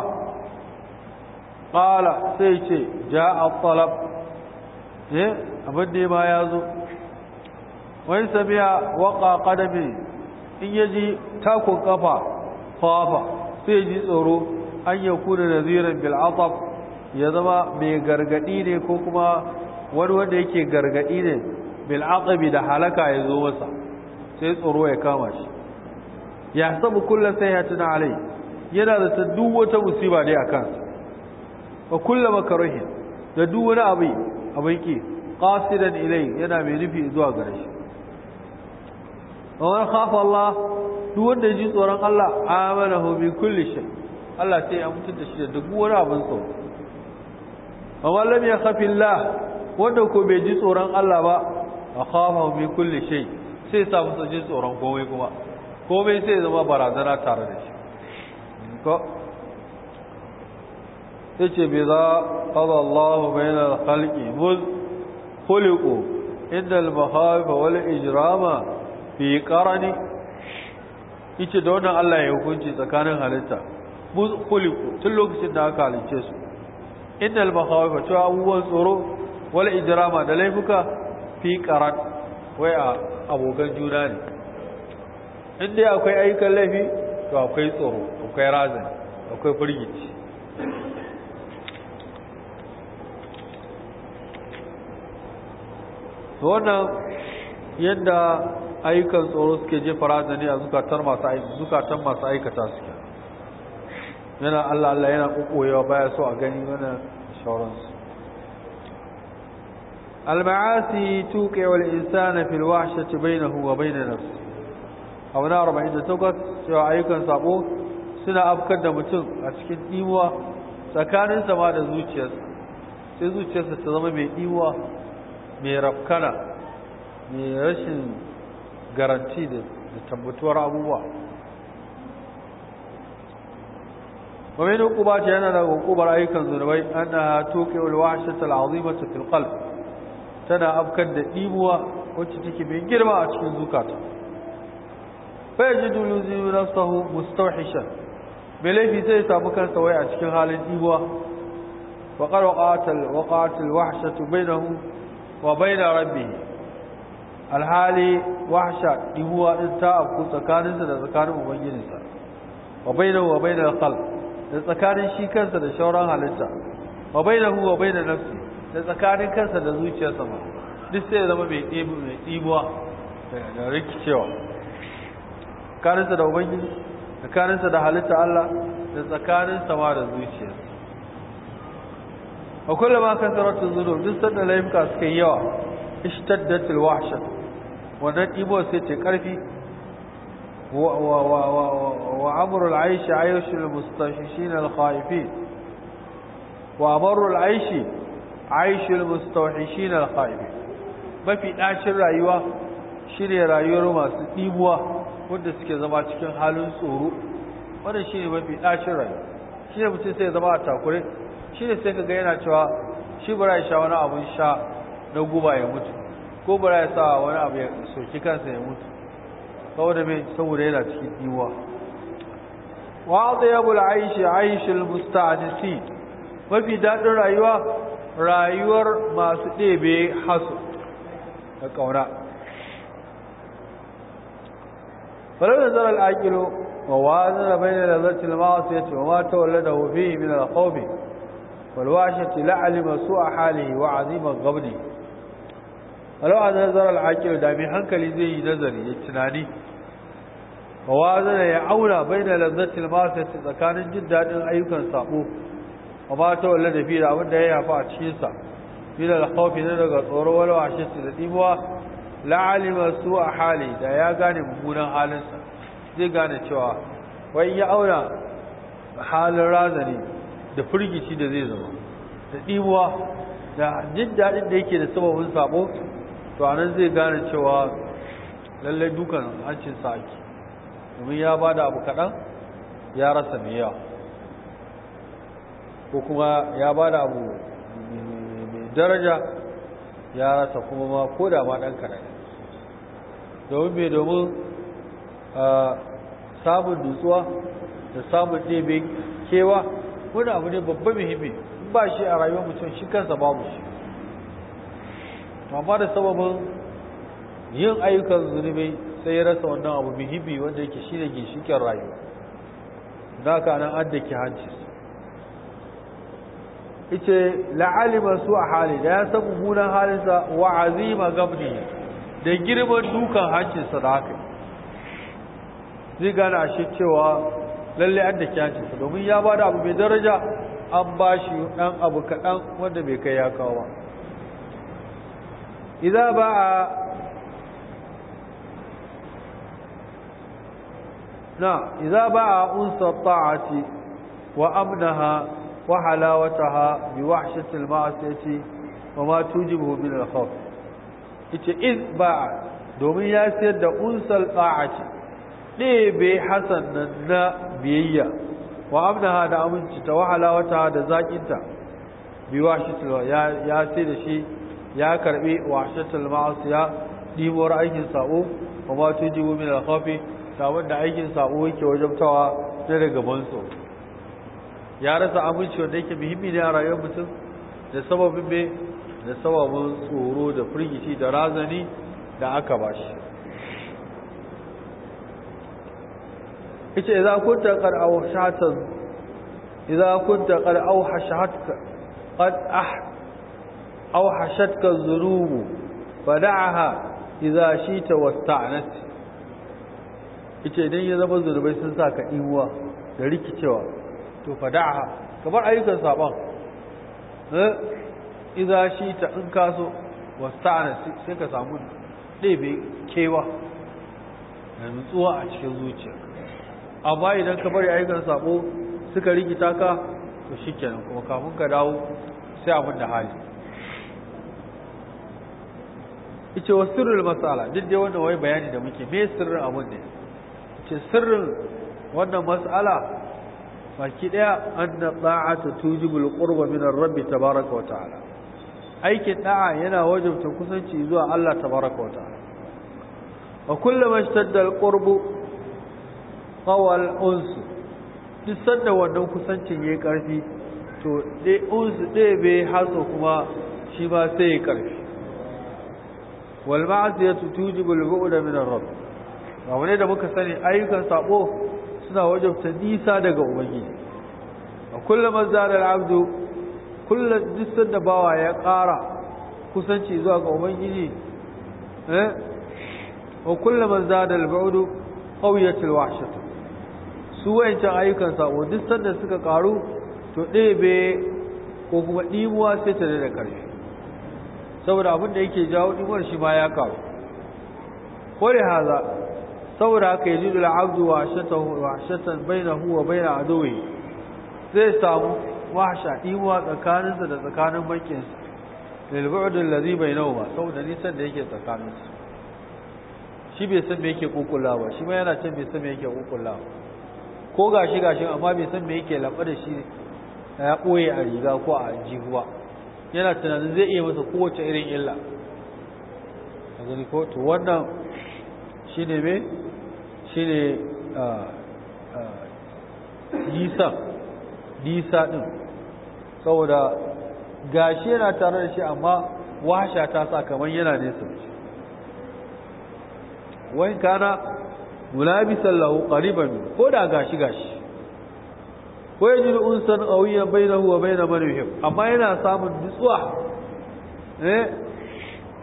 ƙala sai ce ja a tsalab eh abin da ma ya zo wani samiya waƙa ƙadami in yaji takun ƙafa fafa sai ji tsoro an ya kuna nazirin bil'ataf ya zama mai gargadi ne ko kuma wani wanda yake gargadi ne bil'atabi da halaka ya zo masa sai tsoro ya kama shi ya sabu kullum sai ya tuna alai yana da ta duk wata musiba dai a kansa ba kullum makaruhi da duk wani abu abin ki qasidan ilai yana mai nufi zuwa gare shi wa man khafa Allah duk wanda ji tsoron Allah amanahu bi kulli shay Allah sai ya mutunta shi da duk wani abin tsoro amma lam yakhafi Allah wanda ko bai ji tsoron Allah ba akhafahu bi kulli shay sai sa musu ji tsoron komai kuma komai sai zama barazana tare da shi ko yace bi za qala Allah bayna al-khalqi muz khuliqu idal al wal ijrama fi qarani yace da wannan Allah ya hukunci tsakanin halitta khuliqu tun lokacin da aka halice su innal makhawifa to abubuwan tsoro wal idrama da laifuka fi qarat wai a abokan juna ne in dai akwai ayyukan laifi to akwai tsoro akwai razani akwai firgici to wannan yadda ayyukan tsoro suke jefara da ne a zukatan masu aikata suke yana Allah Allah yana ƙoƙoyewa baya so a gani yana shawararsu al-ma'asi tuƙe wa al’isa na filwa shi ci na huwa bai na nasu abu na arba'in da 48 cewa ayyukan sabo suna afkar da mutum a cikin imuwa tsakanin sama da zuciyarsa sai zuciyarsa ta zama mai imuwa mai rafkana mai rashin garanti da tabbatuwar abubuwa kwamin hukuma yana da hukumar ayyukan zunubai an na toke walwa a shatar azimata filkal tana afkan da ɗibuwa wacce take mai girma a cikin zukata bai ji dunun zinu na sahu mustar hishar mai laifi zai samu kansa wai a cikin halin ɗibuwa waƙar waƙatar waƙatar wa shatar bai na rabbi alhali wahsha dihuwa din ta afku tsakaninsa da tsakanin ubangijinsa wa bainahu wa bainal khalq da tsakanin shi kansa da shauran halitta wa bainahu wa bainan nafsi da tsakanin kansa da zuciyarsa ma duk sai ya zama mai ɗebi mai ɗibuwa da rikicewa tsakaninsa da ubangiji tsakaninsa da halitta Allah da tsakaninsa ma da zuciyarsa a kan kasaratu dhunub duk sanda laifuka suka yi yawa ishtaddat alwahshah wannan ibo sai ce ƙarfi wa amurul aishi al mustashishin alkhaifi wa amurul aishi al mustashishin alkhaifi mafi ɗacin rayuwa shi rayuwar masu ɗibuwa wanda suke zama cikin halin tsoro wannan shi ne mafi ɗacin rayuwa shi ne mutum sai zama a takure shi ne sai ka ga yana cewa shi bara ya sha wani abin sha na guba ya mutu ko bara ya sa wani abu ya soki kansa ya mutu saboda mai saboda yana cikin diwa wa ya bula aishi a musta'anisi mafi daɗin rayuwa rayuwar masu ɗebe hasu da ƙauna falar da zarar aƙilo wa wazin da bai da zartin ma'asu ya ce wa mata wallo da hufi min alƙobi walwashe ce la'alima su a halihi wa azimar gabni walau a nazar al'aƙil da mai hankali zai yi nazari ya tunani zana ya auna bai da lazzatin masu tsakanin jin daɗin ayyukan sabo a mata wallan da fiye da abin da ya yafa a cikinsa fiye da alkhawfi na daga tsoro walau a shi da ɗibuwa la'alima su a hali da ya gane mummunan halinsa zai gane cewa wai ya auna halin razani da firgici da zai zama da ɗibuwa da jin daɗin da yake da sababin sabo to anan zai gane cewa lallai dukan hancin sa ake domin ya ba da abu kaɗan ya rasa mai yawa ko kuma ya ba da abu mai daraja ya rasa kuma ma ko da ma ɗan kaɗan domin mai domin samun dutsuwa da samun ɗebe kewa wani abu ne babba muhimmi ba shi a rayuwar mutum shi kansa babu shi amma da sababin yin ayyukan zunubi sai ya rasa wannan abu muhimmi wanda yake shi da ginshikin rayuwa za ka nan ke hanci ice la'alima su a hali da ya san mummunan halinsa wa azima gabni da girman dukan hancinsa da haka zai gane ashe cewa lalle addake hancinsa domin ya ba da abu mai daraja an ba shi ɗan abu kaɗan wanda bai kai ya kawo ba Iza ba na idza ba'a wa amnaha wa halawataha bi wahshati al-ma'siyati wa ma tujibu min al-khawf ita iz ba'a domin ya sayar da unsal ta'ati ɗebe hasan nan na biyayya wa amnaha da aminci ta wahala wata da zakinta biwa shi ya sai da shi ya karbi shatul ma'asiya dibuwar aikin sabo wa ta tujibu min al-khafi ta wanda aikin sa'o yake wajabtawa sai daga bansu ya rasa abinci wanda yake muhimmi ne a rayuwar mutum da sababin me da sababin tsoro da firgici da razani da aka bashi ita idza kunta qad awshatan idza kunta qad awhashatka qad ah aw hashatka dhunubu fada'aha idza shita wasta'nat ita idan ya zama zunubai sun sa ka iwa da rikicewa to fada'aha kamar ayyukan saban eh idza ta in ka so wasta'nat sai ka samu ɗebe kewa da nutsuwa a cikin zuciya amma idan ka bari ayyukan sabo suka rikita ka to shikenan kuma kafin ka dawo sai abin da hali yace wa sirrul mas'ala duk dai wannan wai bayani da muke me sirrin abun ne ce sirrin wannan mas'ala baki daya anna ta'atu tujibul qurba min ar-rabb tabaaraka wa ta'ala aikin da'a yana wajibta kusanci zuwa Allah tabaaraka wa ta'ala wa kullama ishtadda al-qurbu qawa al-uns duk sanda wannan kusancin yayi karfi to dai uns dai bai haso kuma shi ba sai ya karfi wal ma'asiyatu tujibu al-bu'da min ar-rabb abu ne da muka sani ayyukan sabo suna wajabta nisa daga ubangiji wa kullum mazdar al-abdu kullu duk da bawa ya kara kusanci zuwa ga ubangiji eh wa kullum mazdar al-bu'du al-wahshah su wayancan ayyukan sabo duk sanda suka karu to ɗebe ko kuma ɗibuwa sai ta da karfi saboda abin da yake jawo ɗimar shi ma ya ko da haza saboda haka ya jidu al'abdu wa shatan bai na huwa bai na adowe zai samu wahasha ɗimuwa tsakaninsa da tsakanin makinsa lilbu'udin lazi bai nau ba saboda nisan da yake tsakaninsa shi bai san me yake kukula ba shi ma yana can bai san me yake kukula ba ko gashi gashin amma bai san me yake laɓa da shi ya ɓoye a riga ko a jihuwa ba yana tunanin zai iya masa kowace irin illa a wannan shi ne mai shi ne ah, ah, nisa nisa ɗin saboda gashi yana tare da shi amma washa ta sa kamar yana nesa wani kana mulabisan lahu ƙariban ko da gashi gashi ko ya jiri unsan ƙauyen bai na huwa bai na manuhim amma yana samun nutsuwa eh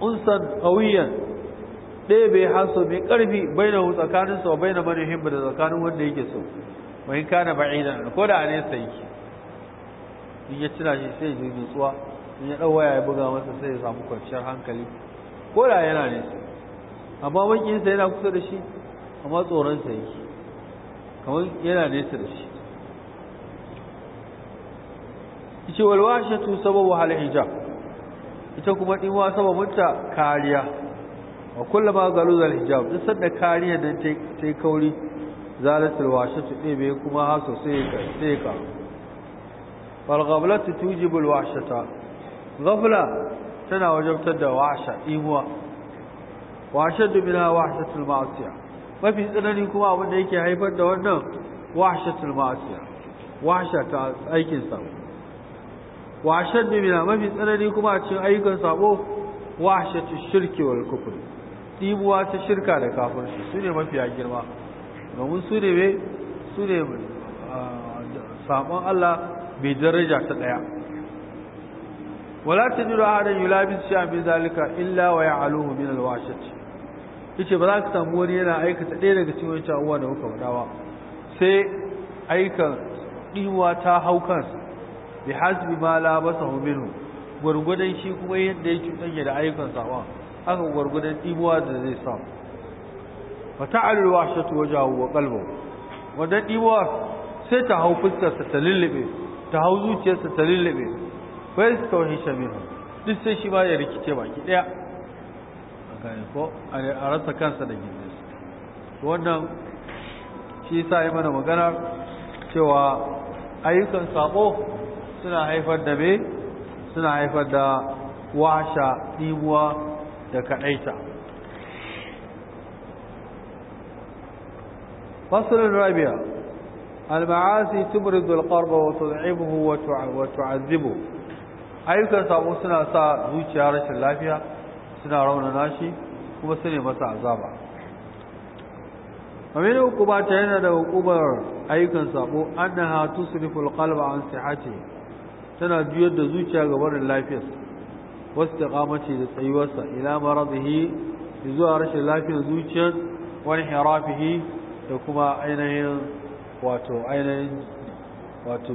unsan ƙauyen ɗaya bai haso mai ƙarfi bai na hu tsakaninsa wa bai na manuhim da tsakanin wanda yake so mai kana ba'idan ko da ne sai ki in ya cina shi sai ji nutsuwa in ya ɗau waya ya buga masa sai ya samu kwanciyar hankali ko da yana ne amma wankinsa yana kusa da shi amma sai yake kamar yana nesa da shi yace walwashe washatu sababu hal hijab ita kuma wa sababinta kariya wa kullama galuza zal hijab duk sanda kariya da ta kauri zalatul washatu ɗebe kuma haso sosai ya ka fal ta tujibu washe ta. ghafla tana wajabtar da washe washa washe washadu washe wahshatul ma'siyah mafi tsanani kuma abin da yake haifar da wannan wahshatul ma'siyah washe ta aikin wa shaddu mina mafi tsanani kuma a cikin ayyukan sabo wa shatu shirki wal kufr dibuwa ta shirka da kafirci su ne mafi girma domin su ne me su ne sabon Allah bai daraja ta daya wala tajidu ahadan yulabis shay'an min zalika illa wa ya'aluhu min al-washati yace ba za ka samu wani yana aikata ɗaya daga cikin wancan uwa da muka faɗa ba sai aika ɗiwa ta hau kansa bi hasbi ma la basahu minhu gurgudan shi kuma yadda ya cuɗanya da ayyukan sawa haka gurgudan dibuwa da zai sa fa ta'alul wahshatu wajahu wa qalbuhu wannan dibuwa sai ta hau fuskarsa ta lullube ta hau zuciyarsa ta lullube fa hi minhu duk sai shi ba ya rikice baki daya gane ko a rasa kansa da gindin wannan shi sa yi mana magana cewa ayyukan sabo suna haifar da me suna haifar da washa ɗimuwa da kaɗaita fasulun rabia al-ma'asi tubridul qarba da tud'imuhu wato azibu ayyukan sabo suna sa zuciya rashin lafiya suna raunana nashi, kuma su ne masa azaba ومن عقوبات هنا عقوبة أيكن سابو أنها تصرف القلب عن صحته tana juyar da zuciya ga barin lafiyarsa wasu kamace da tsayuwarsa ila maradihi zuwa rashin lafiyar zuciyar wani harafihi da kuma ainihin wato ainihin wato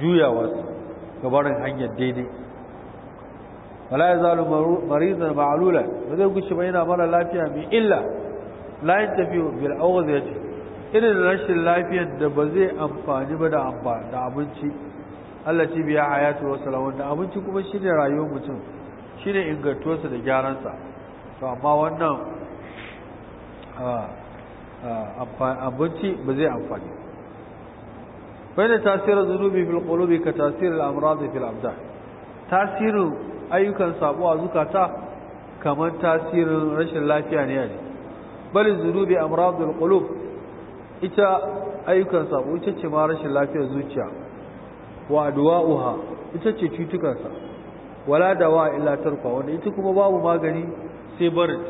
juyawarsa ga barin hanyar daidai wala ya zalu marizan ma'alula ba zai gushe ba yana mara lafiya mai illa layin tafi bil awaz ya ce irin rashin lafiyar da ba zai amfani ba da abinci ci biya hayatu wa salamun da abinci kuma shine rayuwar mutum shine ingantuwarsa da gyaransa to amma wannan abinci ba zai amfani bai da tasirin zunubi fil qulubi ka tasirin al'amurad fil abda tasirin ayyukan sabuwa a zukata kamar tasirin rashin lafiya ne a ne bali zunubi amradul qulub ita ayyukan sabuwa ita ce ma rashin lafiyar zuciya wa duwa'uha ita ce cutukansa wala dawa illa tarka wanda ita kuma babu magani sai barin,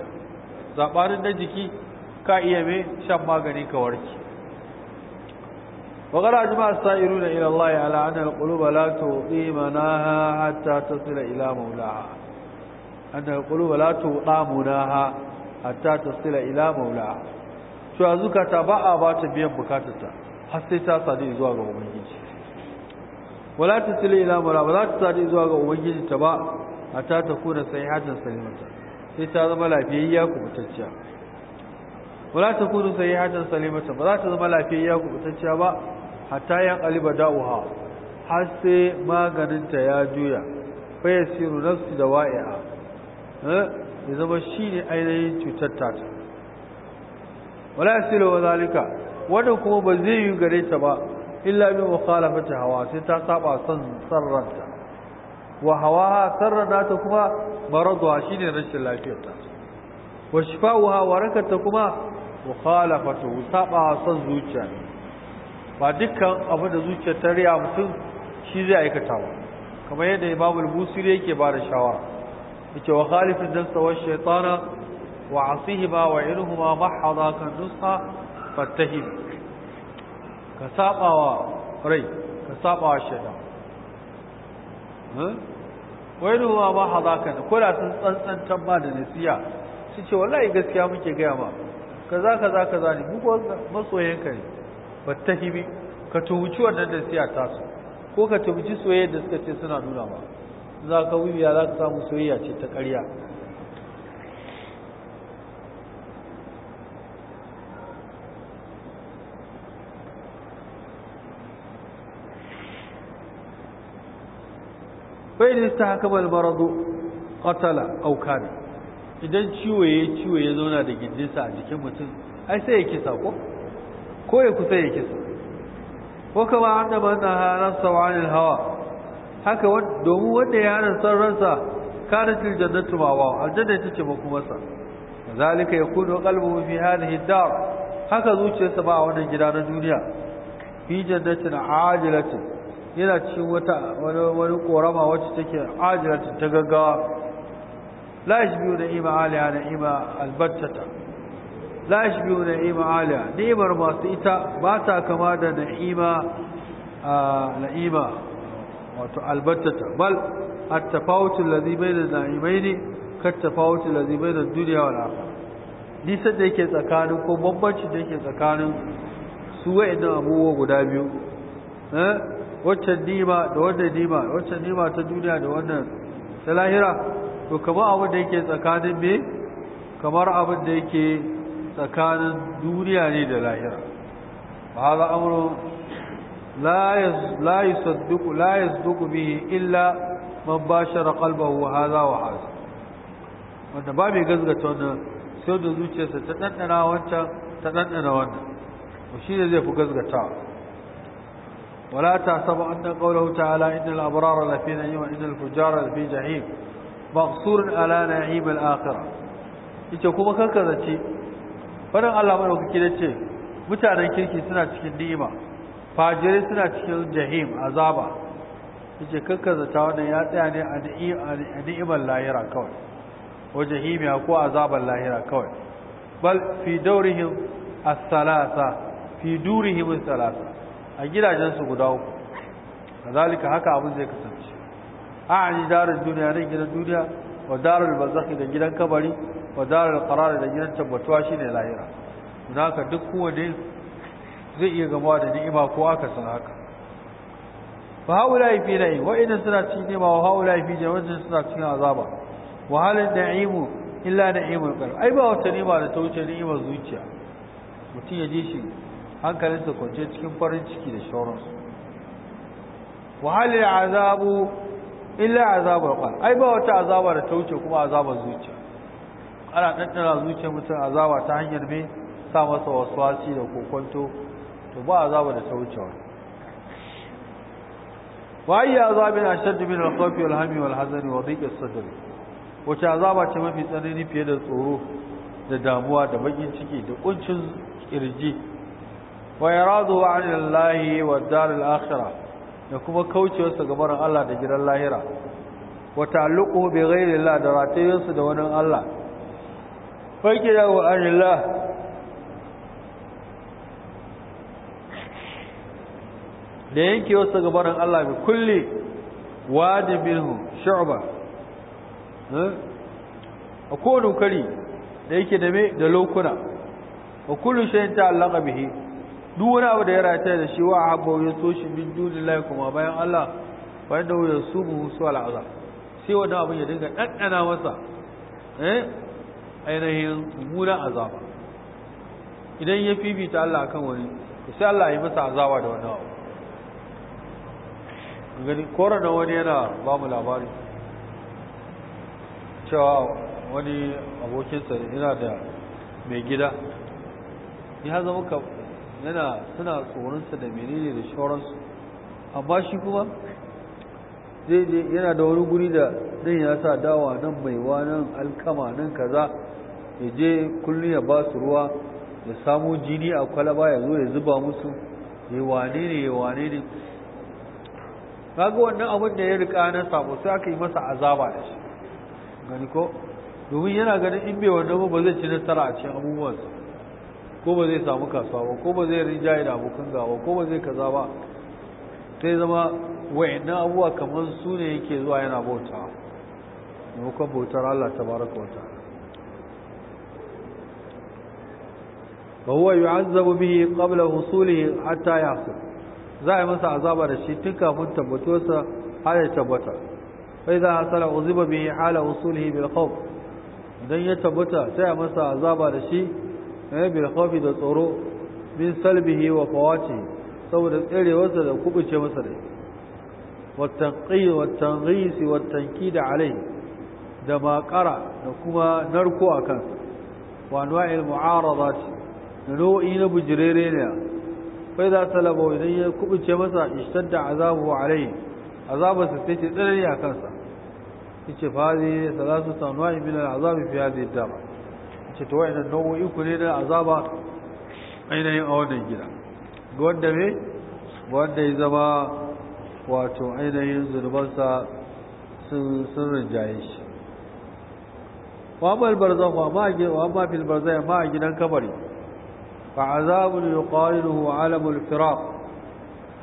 zabarin da jiki ka iya mai shan magani ka warke wa qala ajma as-sa'iruna ila Allah ala anna al-qulub la tu'imana hatta tasila ila mawlaha anna al-qulub la tu'amuna hatta tasila ila mawlaha to azuka ta ba'a ba ta biyan bukatarta har sai ta sadi zuwa ga ubangiji wala tasila ila mura ba za ta sadi zuwa ga ubangiji ta ba a ta kuna sahihatan salimata sai ta zama lafiyayya kubutacciya wala ta kuna sahihatan salimata ba za ta zama lafiyayya kubutacciya ba hatta yan aliba da'uha har sai maganinta ya juya fa siru nafsi da wa'i'a eh, ya zama shine ainihin cutar tata wala silo wa zalika wannan kuma ba zai yi gare ta ba illa bi mukhalafati hawa sai ta saba son sarranta wa hawa sarrada ta kuma maradwa shine rashin lafiyarta wa shifa'uha warakata kuma mukhalafatu saba son zuciya ba dukkan abu da zuciya ta riya mutum shi zai aikata ba kamar yadda Imam al-Busiri yake ba da shawara yake wa khalifin nafsa wa shaytana wa ba wa irhuma mahada kan nusha fattahim ka sabawa rai ka sabawa shaitan wai ruwa ma hazaka ne ko da sun tsantsantar ba da nasiya su ce wallahi gaskiya muke gaya ma kaza kaza kaza ne mu ko masoyanka ne fattahibi ka tuhuci wannan nasiya ta su ko ka tuhuci soyayya da suka ce suna nuna ba. za ka wuya za ka samu soyayya ce ta ƙarya fa'idin ta haka balbarado ƙatala auka ne idan ciwo ya ciwo ya zauna da gindinsa a jikin mutum ai sai ya kisa ko ko ya kusa ya kisa ko kama an da manna ransa wa anil hawa haka domin wanda ya hana san ransa kada til jannatu ma wa aljanna ita ce makumarsa zalika ya yakunu kalbu fi hadhihi dar haka zuciyarsa ba a wannan gida na duniya fi jannatin ajilatin yana cikin wata wani korama wacce take ajiyarta ta gaggawa la shi biyu da ima aliya da ima albattata la biyu da ima aliya ni'imar masu ita ba ta kama da na'ima na'ima wato albattata bal التفاوت الذي Lazibai da كالتفاوت الذي بين الدنيا والآخرة nisan da yake tsakanin ko bambanci da yake tsakanin su wa'annan abubuwa guda biyu eh? wacce nima da wannan nima wacce nima ta duniya da wannan ta lahira to kamar abin da yake tsakanin me kamar abin da yake tsakanin duniya ne da lahira ba haza amuru la yusaddiqu la yasduqu bihi illa man bashara qalbahu hadha wa hadha wanda ba mai gazgata wannan sai da zuciyarsa ta ɗanɗana wancan ta dandana wannan shi ne zai fi gazgatawa ولا تحسب أن قوله تعالى إن الأبرار لفي نعيم وإن الفجار لفي جحيم مقصور على نعيم الآخرة ita kuma kanka zace farin Allah madaukaki da ce mutanen kirki suna cikin ni'ima fajirai suna cikin jahim azaba yace kanka zata ya tsaya ne a ni'imar lahira kawai ko jahimiya ko azabar lahira kawai bal fi salasa salasa a gidajensu guda uku zalika haka abin zai kasance a yi darar duniya da gidan duniya wa darar bazaki da gidan kabari wa darar karara da gidan tabbatuwa shine lahira don duk dai zai iya gama da ni'ima ko aka san haka fa haula fi na'i wa suna cikin nema wa haula fi wajen suna cikin azaba wa halin imu illa da'imul qalb ai ba wata nema da ta wuce ni'imar zuciya mutum ya ji shi su kwance cikin farin ciki da shauransu wahalar azabu illa azabar kwan ai ba wata azaba da ta wuce kuma azabar zuciya ana ɗanɗana zuciya mutum azaba ta hanyar mai sa masa wasi da kokonto to ba azaba da ta wuce wani وأي عذاب أشد من الخوف wa والحزن وضيق الصدر wace azaba ce mafi tsanani fiye da tsoro da damuwa da bakin ciki da kuncin kirji wa iradu an lillahi wa daril akhirah da kuma kaucewarsa ga barin Allah da gidan lahira wa ta'alluquhu bi ghayri Allah da ratayinsa da wannan Allah fa kida wa an lillah da wasu ga barin Allah bi kulli wajibinhu shu'ba ko hmm? kowane kari da yake da me da lokuna wa kullu shay'in ta'allaqa bihi duk wani abu da ya rata da shi wa habba ya so shi bin dunillahi kuma bayan Allah bayan da su mu su al'aza azab sai wannan abin ya dinga ɗanɗana masa eh ainihin mura azaba idan ya fifita Allah akan wani sai Allah ya masa azaba da wannan abu gani na wani yana ba mu labari cewa wani abokinsa yana da mai gida ya zama yana suna tsoronsa da menene da shauransu amma shi kuma zai je yana da wani guri da zai ya sa dawa nan maiwa nan alkama nan kaza ya je kullum ya ba su ruwa ya samo jini a kwalaba ya zo ya zuba musu ya wane ne ya wane ne kaga wannan abin da ya rika na sabo sai aka yi masa azaba da shi gani ko domin yana ganin in bai wannan ba zai ci nasara a cikin abubuwansa ko ba zai samu kasuwa ba ko ba zai rinjaye da abokan gawa ko ba zai kaza ba sai zama wayannan abubuwa kamar su ne yake zuwa yana bauta maimakon bautar Allah ta baraka wata ba huwa yu'azzabu bihi qabla husulihi hatta yahsul za a masa azaba da shi tun kafin tabbatuwarsa har ya tabbata za a hasala uziba bihi hala husulihi bil khawf idan ya tabbata sai a masa azaba da shi Eh, bil khawfi da tsoro min salbihi wa fawati saboda tsarewarsa da kubuce masa da wa tanqi wa tanghis wa tankid alai da baqara da kuma narko akan wa anwa'il mu'aradat da ina na bujirere ne fa idza talaba idan ya kubuce masa ishtadda azabu alai azabu sai take tsanani akan sa yace fa zai salatu tanwa'i min al'azabi fi hadhihi dama ce to wayannan nau'o'i ku ne na azaba ainihin a wannan gida ga wanda me wanda ya zama wato ainihin zunubansa sun sun rinjaye shi wa bal barzakh wa ma wa ma fil barzakh ma gidan kabari fa azabun yuqaliluhu alamul firaq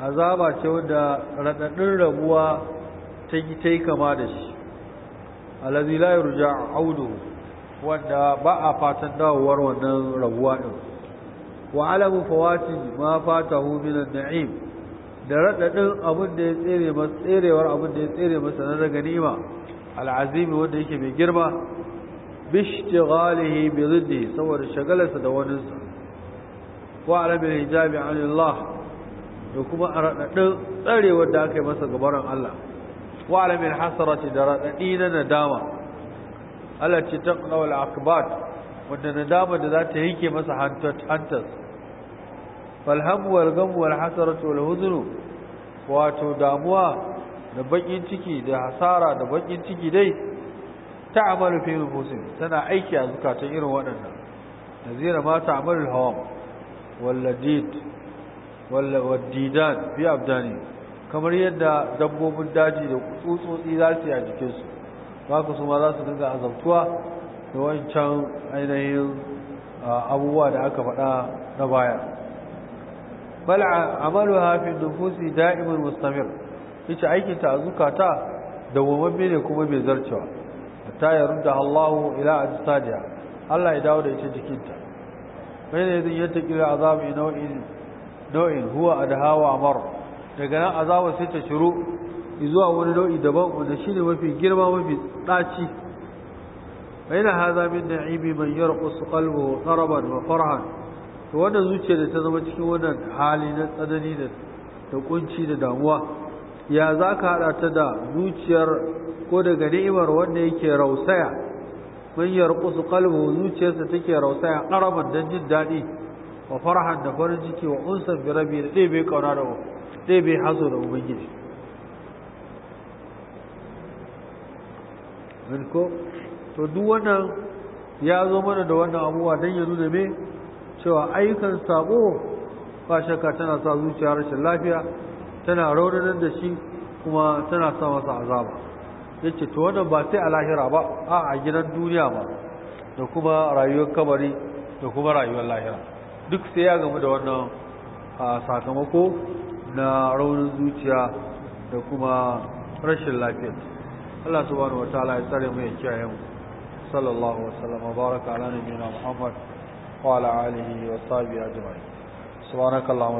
azaba ce wanda radadin rabuwa ta yi kama da shi alladhi la yurja'u auduhu wanda ba a fatan dawowar wannan rabuwa din wa alamu fawati ma fatahu min an-na'im da radadin abin da ya tsere ba tserewar abin da ya tsere ba na da ganima al-azimi wanda yake mai girma bishtighalihi bi ziddi saboda shagalarsa da wani wa alamu hijabi anillah da kuma a radadin tsarewar da aka yi masa gabaran Allah wa alamu hasarati da radadi na nadama Allah ce ta qawal akbat wanda nadama da za ta yanke masa hantar falhamuwar gamuwar hasarar wal wato damuwa da bakin ciki da hasara da bakin ciki dai Ta amalu fi musim tana aiki a zukatan irin waɗannan nazira ma ta'malu al-hawam walladid wallawaddidan fi abdani kamar yadda dabbobin daji da tsutsotsi za su yi a jikinsu ba ku su ma za su dinga azabtuwa da wancan ainihin abubuwa da aka faɗa na baya bal amalu hafi nufusi da'imin mustamir ita aikin ta zukata da wamamme ne kuma bai zarcewa ta ya rudda ila ajsadiya Allah ya dawo da ita jikinta bai ne zai yanta kira azabi nau'in nau'in huwa adhawa amar daga nan azaba sai ta shiru zuwa wani nau'i daban wanda ne mafi girma mafi ɗaci bayan haza min mai man ƙusu qalbuhu taraban wa farhan to wannan zuciya da ta zama cikin wannan hali na tsanani da kunci da damuwa ya za ka haɗa ta da zuciyar ko daga ni'imar wanda yake rausaya man ƙusu qalbuhu zuciyarsa take rausaya qaraban don jin daɗi wa farhan da farin ciki wa unsan birabi da ɗebe kauna da ɗebe hazo da ubangiji ko to duk wannan ya zo mana da wannan abubuwa don ya nuna me cewa ayyukan sabo ba shakka tana sa zuciya rashin lafiya tana raunanar da shi kuma tana sa masa azaba yace to wannan ba sai a lahira ba a a gidan duniya ba da kuma rayuwar kabari da kuma rayuwar lahira duk sai ya gamu da wannan sakamako na raunin zuciya da kuma rashin lafiya الله سبحانه وتعالى يسلم ويجعهم صلى الله وسلم وبارك على نبينا محمد وعلى آله وصحبه أجمعين سبحانك اللهم